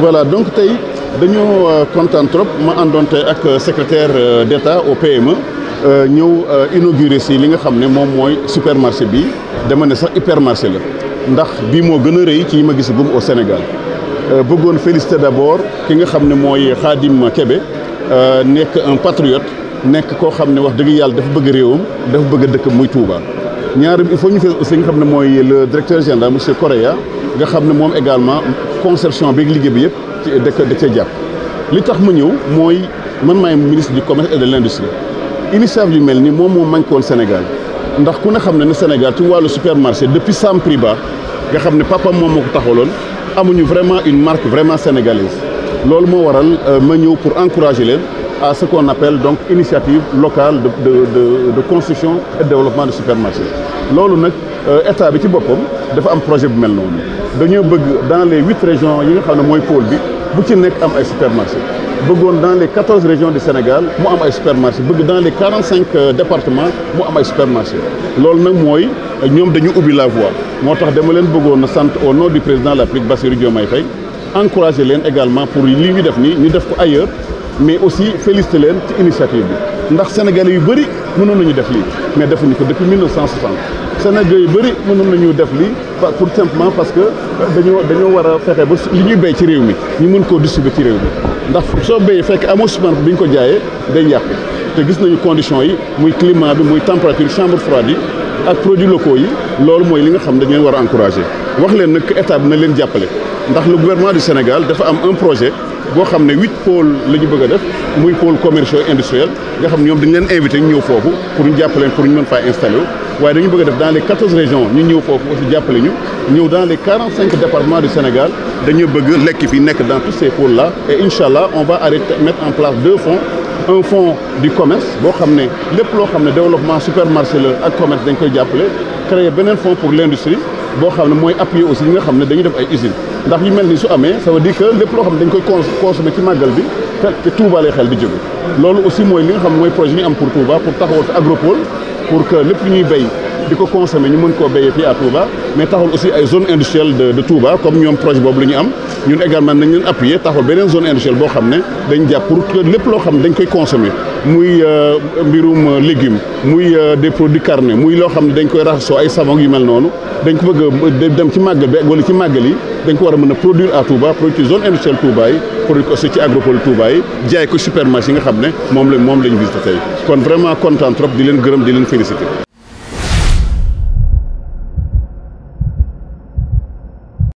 voilà donc tey dañoo euh, kontaan trop ma àndoon tey ak euh, secrétaire euh, d'État au PME ñëw inauguré si li nga xam ne moom mooy supermarché bi dama ne sax hypermarché la ndax bii moo gën a rëy ci yi ma gisagum au Sénégal bëggoon félicité d'abord ki nga xam ne mooy Khadim Kébé nekk un patriote nekk koo xam ne wax dëgg yàlla dafa bëgg réewam dafa bëgg dëkk muy Touba. ñaari il faut ñu fees aussi nga xam ne mooy le directeur général monsieur Correa nga xam ne moom également conception beeg liggéey bi yëpp ci jàpp. li tax ma ñëw mooy man maay ministre du commerce et de l' industrie initiative yu mel ni moom moo manqué woon Sénégal ndax ku ne xam ne ne Sénégal ci wàllu supermarché depuis Sam Prix Bas nga xam ne papa moom moo ko taxawaloon amuñu vraiment une marque vraiment sénégalaise loolu moo waral euh, ma ñëw pour encourager leen. à ce qu'on appelle donc initiative locale de de de de construction et de développement loolu nag euh, état bi ci boppam dafa am projet bu mel noonu dañoo bëgg dans les huit régions yi nga xam ne mooy pôle bi bu ci nekk am ay supermarché bëggoon dans les quatorze régions du Sénégal mu am ay supermarché bëgg dans les quarante cinq euh, départements mu am ay supermarché loolu nag mooy euh, ñoom dañu ubbi la voie moo tax dama leen bëggoon na sant au nom du président de la République Bassirou Diomaye leen également pour li ñu def nii ñu def ko ailleurs mais aussi félicité leen ci initiative bi ndax sénégalais yu bëri mënoon nañu def lii mais defuñu ko depuis 1960 sénégalais yu bëri mënoon nañu def lii pour simplement parce que euh, dañoo dañoo war a fexe ba li ñuy béy ci réew mi ñu mën koo distribuer ci réew mi ndax soo béyee fekk amoo semence bi ñu ko jaayee day yàq te gis nañu conditions yi muy climat bi muy température chambre froide yi ak produits locaux yi loolu mooy li nga xam dañu leen war a encourager wax leen nag état bi na leen jàppale ndax le gouvernement du Sénégal dafa am un projet boo xam ne huit pôles la ñu bëgg a def muy pôle commerciaux industriel nga xam ñoom dañ leen invité ñu ñëw foofu pour ñu jàppale leen pour ñu mën faa installé wu waaye dañu bëgg a def dans les quatorze régions ñu ñëw foofu aussi jàppale ñu ñëw dans les quarante cinq départements du Sénégal dañu bëgg lekk fi nekk dans tous ces pôles là et incha allah on va arrêter mettre en place deux fonds un fonds du commerce boo xam ne lépp loo xam ne développement supermarché la ak commerce dañ koy jàppale créer beneen fonds pour l' industrie boo xam ne mooy appuyer aussi ñi nga xam ne dañuy def ay usines ndax yu mel ni su amee ça veut dire que lépp loo xam ne dañ koy consommer ci màggal bi te Touba lay xel di jóge loolu aussi mooy li nga xam mooy projet yi ñu am pour Touba pour taxawal fi agropole pour que lépp ñuy béy di ko consommer ñu mën koo béyee fii à Touba mais taxawal aussi ay zone industrielle de de Touba comme ñoom projet boobu la ñu am ñun également nañ leen appuyer taxawal beneen zone loo xam ne dañ koy consommer muy euh, mbirum euh, légume muy euh, des produits carnés muy loo xam ne dañ koy raxasoo ay savon yu mel noonu dañ ko bëgg a dem ci màggal bi wala ci màggal yi dañ ko war a mën a produire à Touba produire zone industrielle Touba yi produire ko aussi ci agropole Touba yi jaay ko supermarché yi nga xam ne moom lañ moom la ñu visité tey kon vraiment content trop di leen gërëm di leen félicité.